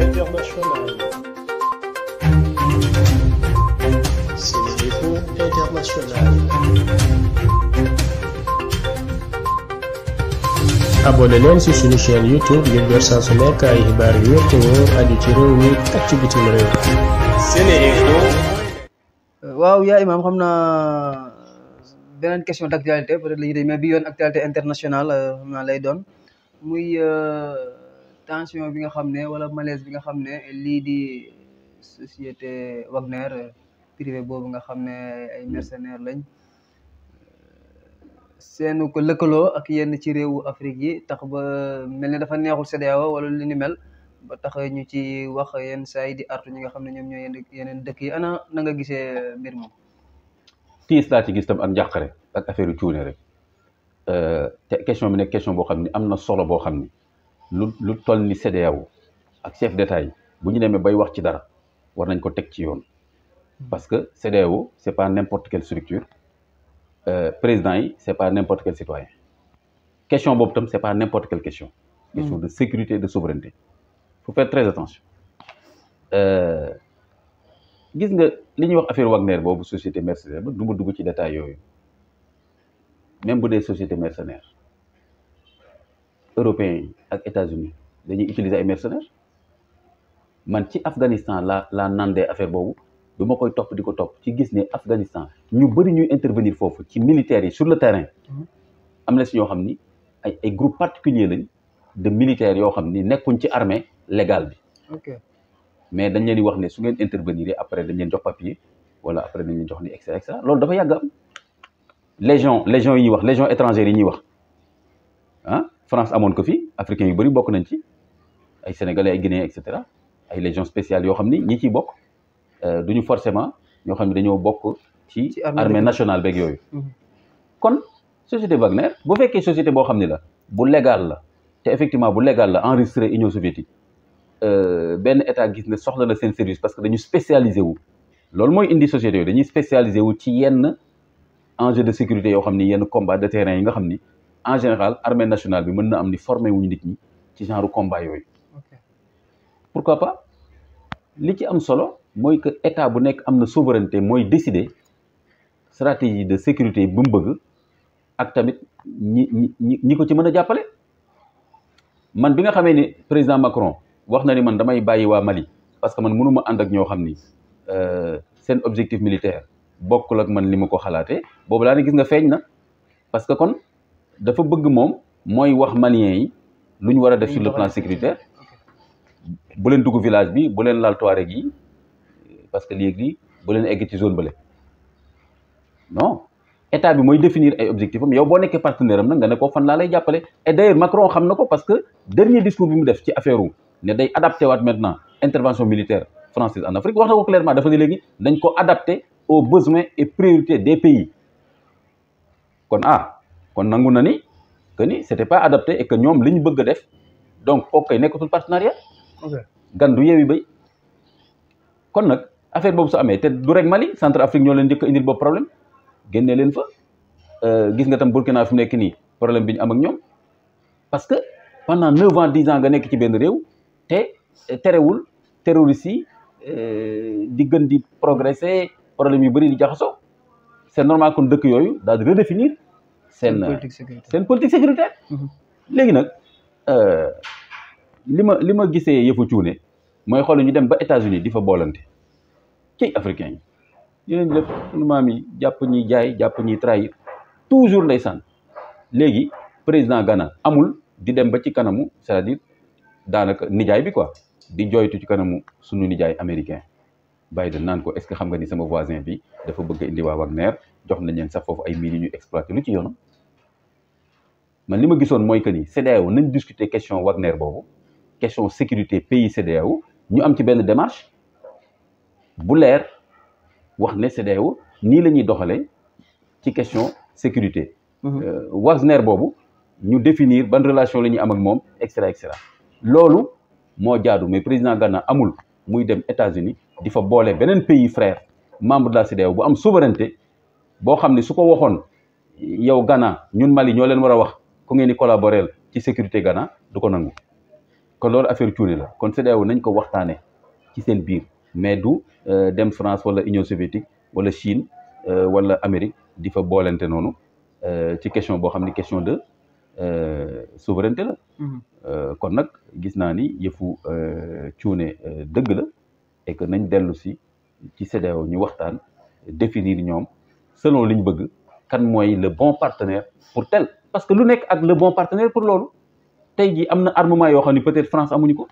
internationale. C'est l'info internationale. abonné leen ci suñu chaîne YouTube ngir jot saa su nekk ay xibaar yu wér te wóor aju ci réew mi ak ci bitim réew. SeneInfo. waaw yaa imaam xam naa beneen question d'actualité peut-être la ñuy mais bi yoon actualité internationale euh, xam naa lay doon muy. Euh, tension bi nga xam ne wala malaise bi nga xam ne lii di société Wagner privé boobu nga xam ne ay mercenaires lañ euh, seenu ko lëkkaloo ak yenn ci réewu Afrique yi tax ba mel ne dafa neexul CEDEAO wala lu ni mel ba tax ñu ci wax yenn saa yi di artu ñi nga xam ne ñoom ñooy yeneen dëkk yi ana na nga gisee mbir moom tiis laa gis tam ak njàqare ak affaire yu cuune rek euh, te question bi nekk question boo xam ni am na solo boo xam ni lu lu toll ni CEDEAO ak chef d'État yi bu ñu demee bay wax ci dara war nañ ko teg ci yoon parce que CEDEAO c'est pas n'importe quelle structure euh, président yi c'est pas n'importe quel citoyen question boobu tam c'est pas n'importe quelle question question mm. de sécurité et de souveraineté faut faire très attention euh, gis nga li ñuy wax affaire Wagner boobu société mercenaire ba du dugg ci détail yooyu même bu dee société mercenaire européens yi ak États-Unis dañuy utiliser ay mercenaires man ci Afghanistan la la nandee affaire boobu du ma koy topp di ko topp ci gis ne Afghanistan ñu bëri ñuy intervenir foofu ci militaires yi sur le terrain mm-hmm. am na si ñoo xam ni ay ay groupes particuliers lañ de militaires yoo xam ni nekkuñ ci armée légal bi. mais dañ leen di wax ne su ngeen intervenir après dañ leen jox papier wala après dañ leen jox ni et cetera et loolu dafa yàgg légion légion yi ñuy wax légion étrangère yi ñuy wax ah. France amoon ko fi africains yu bëri bokk nañ ci ay sénégalais ay guinéens et cetera ay légions spéciales yoo xam ni ñi ciy bokk euh, du ñu forcément ñoo xam ne dañoo bokk ci armée nationale beeg yooyu mm-hmm. kon société Wagner bu fekkee société boo xam ni la bu légal la te effectivement bu légal la enregistré Union soviétique euh, benn état gis ne soxla na seen service parce que dañu spécialisé wu loolu mooy indi société yooyu dañuy spécialisé wu ci yenn enjeu de sécurité yoo xam ni yenn combat de terrain yi nga xam ni en général armée nationale bi mën na am ni formé wuñu nit ñi ci genre combat yooyu pourquoi pas li ci am solo mooy que état bu nekk am na souveraineté mooy décider stratégie de sécurité bu mu bëgg ak tamit ñi ñi ñi ko ci mën a jàppale man bi nga xamee ni président Macron wax na ni man damay bàyyi waa Mali parce que man mënuma ànd ak ñoo xam ni euh, seen objectif militaire bokkul ak man li ma ko xalaatee boobu laa ne gis nga feeñ na parce que kon dafa bëgg moom mooy wax maliens yi lu ñu war a def sur le plan sécuritaire bu leen dugg village bi bu leen laal touareg yi parce que léegi bu leen egg ci zone bële non état bi mooy définir ay objectifs am yow boo nekkee partenaire am nag nga ne ko fan laa lay jàppale et d'ailleurs Macron xam na ko parce que dernier discours bi mu def ci affaire wu ne day adapté waat maintenant intervention militaire française en Afrique wax na ko clairement dafa ne léegi dañ ko adapté aux besoins et priorités des pays kon ah, kon nangu na ni que ni c'était pas adapté et que ñoom li ñu bëgg def donc kooku kay nekkatul partenariat. gan du yeewi bay kon nag affaire boobu su amee te du rek Mali centre Afrique ñoo leen njëkk a indil boobu problème génne leen fa euh, gis nga tam Burkina fi mu nekk nii problème bi ñu am ak ñoom parce que pendant neuf ans dix ans nga nekk ci benn réew te terewul terroriste yi euh, di gën di progresser problème yu bëri di jaxasoo c'est normal kon dëkk yooyu daal di seen eh, politique sécuritaire seen politique sécuritaire. Mhm. léegi nag eh, li ma li ma gisee yëfu cuune mooy xool ñu dem ba États-Unis di fa boolante ci africain yi yeneen lépp sunu maam yi jàpp ñuy jaay jàpp ñuy trahir toujours ndeysaan léegi président Ghana amul di dem ba ci kanamu c'est-à-dire daanaka nijaay bi quoi di jooytu ci kanamu sunu nijaay américain Biden naan ko est-ce que xam nga ni sama voisin bi dafa bëgg indi waa Wagner jox nañ leen sax foofu ay mines yu ñu exploité lu ci yoonam. man li ma gisoon mooy que ni CEDEAO nañ discuter question Wagner boobu question sécurité pays CEDEAO ñu am ci benn démarche bu leer wax ne CEDEAO nii la ñuy doxalee ci question sécurité. Mhm. Euh, Wagner boobu ñu définir ban relation la ñuy am ak moom et cetera loolu moo jaadu mais président Ghana amul muy dem États-Unis di fa boole beneen pays frère membre de la bu am souveraineté boo xam ne su ko waxoon yow Ghana ñun Mali ñoo leen war a wax. ku ngeen di collaborer ci sécurité Ghana du ko nangu kon loolu affaire cuune la kon CEDEAO nañ ko waxtaanee ci seen biir mais du euh, dem France wala Union soviétique wala Chine euh, wala Amérique di fa boolente noonu euh, ci question boo xam ne question de souveraineté la. Mhm. kon nag gis naa ni yëfu cuune dëgg la et que nañ dellusi si ci CEDEAO ñu waxtaan définir ñoom selon liñ bëgg kan mooy le bon partenaire pour tel. parce que lu nekk ak le bon partenaire pour loolu tey jii am na armement yoo xam ne peut-être France amuñu ko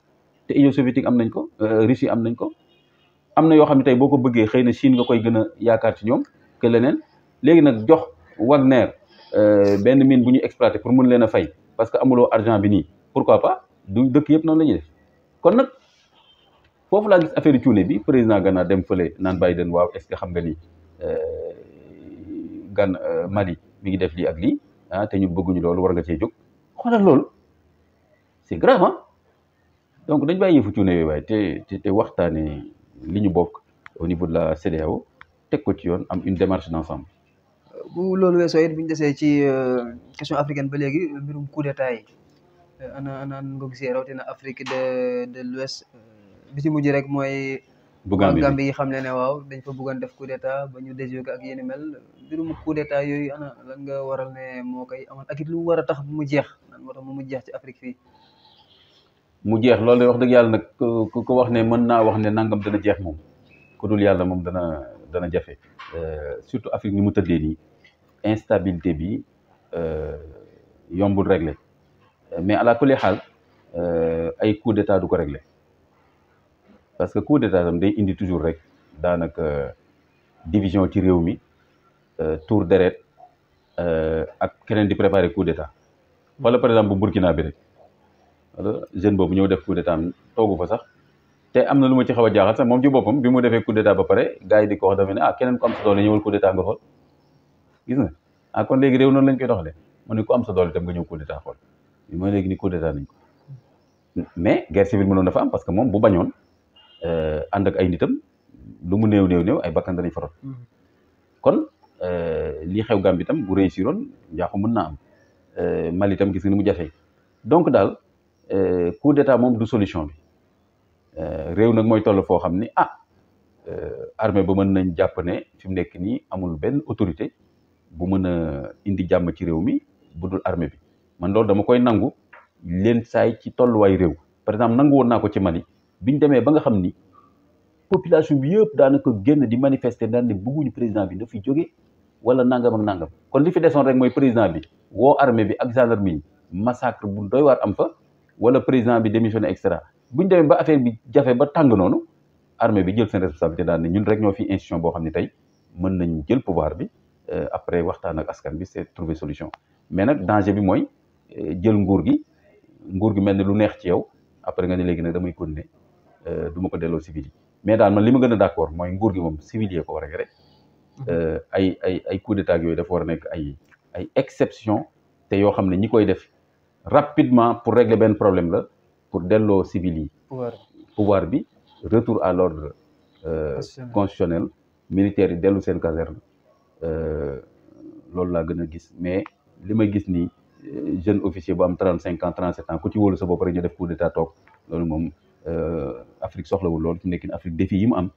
te Union soviétique am nañ ko euh, Russie am nañ ko am na yoo xam ne tey boo ko bëggee xëy na Chine nga koy gën a yaakaar ci ñoom que leneen léegi nag jox Wagner euh, benn mine bu ñu exploité pour mën leen a fay parce que amuloo argent bi nii pourquoi pas du dëkk yëpp noonu la ñuy def kon nag foofu laa gis affaire cuune bi président Ghana dem fële naan Biden waaw est-ce que xam nga ni euh, Ghana Mali mi ngi def lii ak lii. ah te ñu bëgguñu loolu wara nga cee jog xoolal loolu c'est grave donc dañ bàyyi yëfu cuune yooyu te waxtaane li ñu bokk au niveau de la CEDEAO teg ko ci yoon am une démarche d'ensemble bu loolu weesoo it bu ñu desee ci euh, question africaine ba léegi mbirum coup d'état yi euh, ana ana nga gisee rawatina Afrique de de l'Ouest euh, bi ci rek mooy bu Gambie yi xam ne ne waaw dañ fa bëggoon def coup d'état ba ñu déjoué ak yéen mel mbirum coup d'état yooyu ana lan nga waral ne moo koy amal ak it lu war a tax mu jeex lan moo mu jeex ci Afrique fii. mu jeex loolu de wax dëgg yàlla nag ku ko wax ne mën naa wax ne nangam dana jeex moom ku dul yàlla moom dana dana jafe euh, surtout Afrique ni mu tëddee nii instabilité bi euh, yombul réglé euh, mais à la xaal ay coup d'état du ko réglé. parce que coup d'état tam day indi toujours rek daanaka euh, division ci réew mi euh, tour deret euh, ak keneen di préparer coup d'état wala par exemple bu Burkina bi rek jeune boobu ñëw def coup d'état am toogu fa sax te am na lu ma ci xaw a jaaxal sax moom ci boppam bi mu defee coup d'état ba pare gars yi di ko wax a ah, keneen ku am sa doole ñëwal coup d'état nga xool gis nga ah kon léegi réew noonu lañ koy doxalee mu ne ku am sa doole tam nga ñëw coup d'état xool mooy léegi ni coup d'état nañ ko mais guerre civile mënoon dafa am parce que moom bu bañoon Euh, ànd ak ay nitam lu mu néew néew néew ay bakkan danañ fa rot mm-hmm. kon euh, lii xew Gàmbi tam bu réussiroon njaaxu mën naa am euh, malitam itam gis nga mu jafee donc daal coup d'état moom du solution bi réew nag mooy toll foo xam ni ah armee ba mën nañ jàpp ne fi mu nekk nii amul benn autorité bu mën a indi jàmm ci réew mi bu dul armée bi man loolu dama koy nangu leen saay ci tolluwaay réew par exemple nangu woon naa ko ci Mali biñ demee ba nga xam ni population bi yëpp daanaka génn di manifester daan ne bëgguñu président bi na fi jóge wala nangam ak nangam kon li fi desoon rek mooy président bi woo armée bi ak gendarmerie massacre bu doy am fa wala président bi démissionné et cetera buñ demee ba affaire bi jafe ba tàng noonu armée bi jël seen responsabilité daan ne ñun rek ñoo fi institution boo xam ne tey mën nañ jël pouvoir bi euh, après waxtaan ak askan bi c'est trouver solution mais nag danger bi mooy euh, jël nguur gi nguur gi mel ni lu neex ci yow après nga ne léegi nag damay continuer Euh, du ma ko delloo civil yi mais daal man li ma gën a d'accord mooy nguur gi moom civil yee ko war a yore euh, ay ay ay coup d'état yooyu dafa war a nekk ay ay exception te yoo xam ne ñi koy def rapidement pour régler benn problème la pour delloo civil yi pouvoir bi retour à l'ordre euh, constitutionnel militaire yi dellu seen caserne loolu laa gën a gis mais li ma gis ni jeune officier boo am trente cinq ans trente sept ans ku ci wóolu sa bopp rek ñu def coup d'état loolu moom Euh, Afrique soxlawul lool fi mu nekk nii Afrique défi yi mu am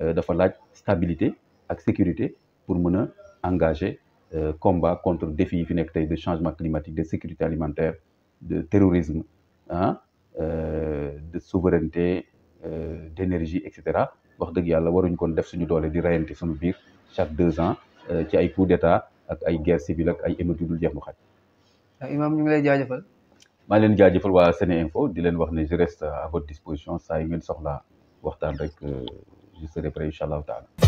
euh, dafa laaj stabilité ak sécurité pour mën a engager euh, combat contre défi yi fi nekk tey de changement climatique de sécurité alimentaire de terrorisme ah de souveraineté d'énergie et cetera wax dëgg yàlla waruñ kon def suñu doolee di rayante suñu biir chaque deux ans ci ay coup d'état ak ay guerre civile ak ay émeutes yu dul jeex mu xaj. Imaam ñu ngi lay jaajëfal. maa leen jaajëfal waa Seneinfo di leen wax ne je reste à votre disposition saa yu soxla waxtaan rek euh, je serai prêt incha allahu taala